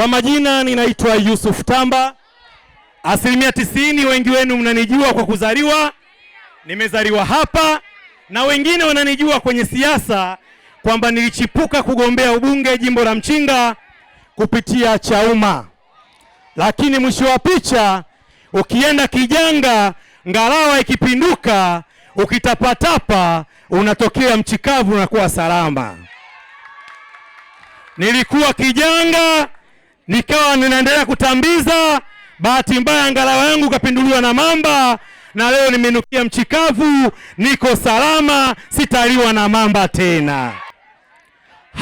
Kwa majina ninaitwa Yusuf Tamba. Asilimia tisini wengi wenu mnanijua kwa kuzaliwa, nimezaliwa hapa, na wengine wananijua kwenye siasa kwamba nilichipuka kugombea ubunge jimbo la Mchinga kupitia Chauma, lakini mwisho wa picha ukienda kijanga, ngalawa ikipinduka, ukitapatapa unatokea mchikavu, kuwa salama. Nilikuwa kijanga nikawa ninaendelea kutambiza. Bahati mbaya ngalawa yangu kapinduliwa na mamba, na leo nimenukia mchikavu, niko salama, sitaliwa na mamba tena.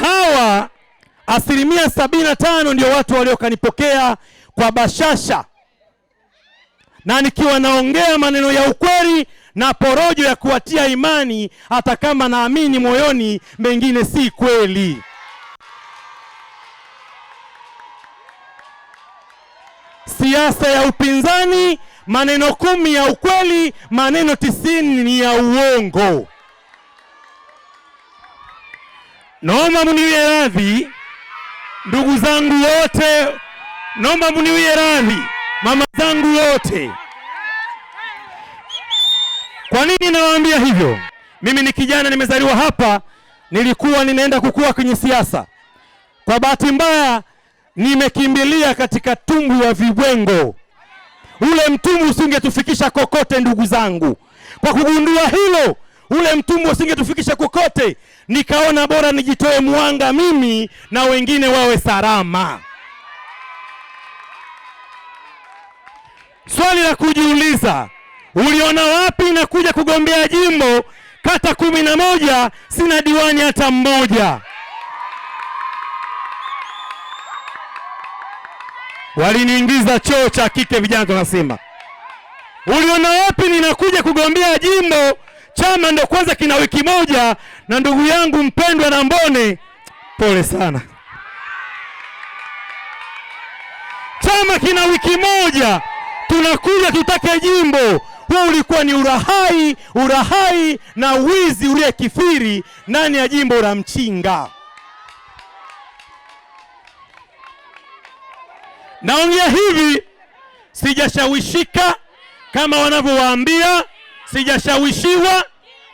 Hawa asilimia sabini na tano ndio watu waliokanipokea kwa bashasha na nikiwa naongea maneno ya ukweli na porojo ya kuwatia imani, hata kama naamini moyoni mengine si kweli. siasa ya upinzani, maneno kumi ya ukweli, maneno tisini ni ya uongo. Naomba mniwie radhi ndugu zangu wote, naomba mniwie radhi mama zangu wote. Kwa nini nawaambia hivyo? Mimi ni kijana, nimezaliwa hapa, nilikuwa ninaenda kukua kwenye siasa. Kwa bahati mbaya nimekimbilia katika tumbwi wa vibwengo. Ule mtumbu usingetufikisha kokote, ndugu zangu. Kwa kugundua hilo, ule mtumbu usingetufikisha kokote, nikaona bora nijitoe mwanga mimi na wengine wawe salama. Swali la kujiuliza, uliona wapi na kuja kugombea jimbo kata kumi na moja, sina diwani hata mmoja. waliniingiza choo cha kike, vijana tunasema. Uliona wapi ninakuja kugombea jimbo? Chama ndo kwanza kina wiki moja, na ndugu yangu mpendwa na Mbone, pole sana. Chama kina wiki moja, tunakuja tutake jimbo. Huu ulikuwa ni urahai, urahai na wizi uliye kifiri ndani ya jimbo la Mchinga. Naongea hivi, sijashawishika kama wanavyowaambia, sijashawishiwa,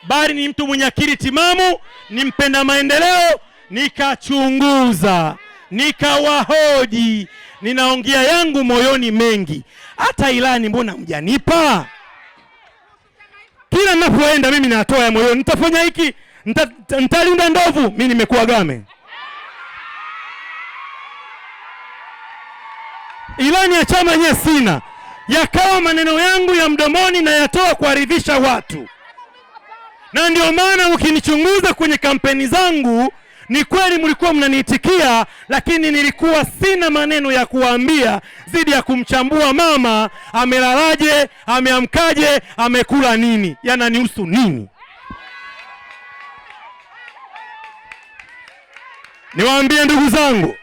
bali ni mtu mwenye akili timamu, ni mpenda maendeleo. Nikachunguza, nikawahoji, ninaongea yangu moyoni mengi, hata ilani mbona mjanipa? Kila ninapoenda mimi natoa ya moyoni, nitafanya hiki, nitalinda ndovu, mimi nimekuwa game Ilani ya chama yenyewe sina, yakawa maneno yangu ya mdomoni na yatoa kuaridhisha watu, na ndio maana ukinichunguza kwenye kampeni zangu ni kweli mlikuwa mnaniitikia, lakini nilikuwa sina maneno ya kuwaambia zidi ya kumchambua mama amelalaje, ameamkaje, amekula nini, yananihusu nini? Niwaambie ndugu zangu,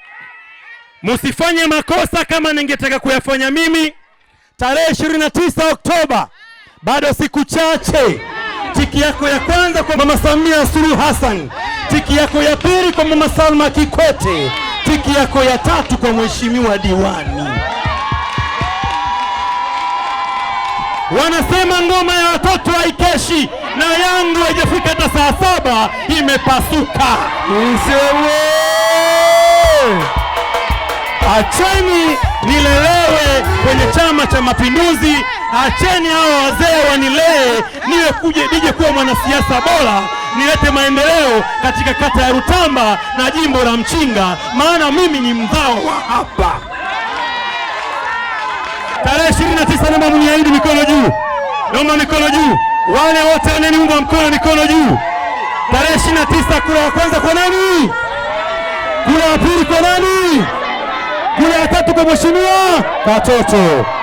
Msifanye makosa kama ningetaka kuyafanya mimi. Tarehe 29 Oktoba, bado siku chache. Tiki yako ya kwanza kwa Mama Samia Suluhu Hassan, tiki yako ya pili kwa Mama Salma Kikwete, tiki yako ya tatu kwa Mheshimiwa diwani. Wanasema ngoma ya watoto haikeshi, na yangu haijafika hata saa saba imepasuka. Msewe Acheni nilelewe kwenye Chama cha Mapinduzi, acheni hao wazee wanilee niwe kuje nije kuwa mwanasiasa bora, nilete maendeleo katika kata ya Rutamba na jimbo la Mchinga, maana mimi ni mzao wa hapa. Tarehe 29 naomba mniahidi, mikono juu, naomba mikono juu, wale wote wananiunga mkono, mikono juu. Tarehe 29 kura ya kwanza kwa nani? Kura ya pili kwa nani? kura ya tatu kwa mheshimiwa Katoto.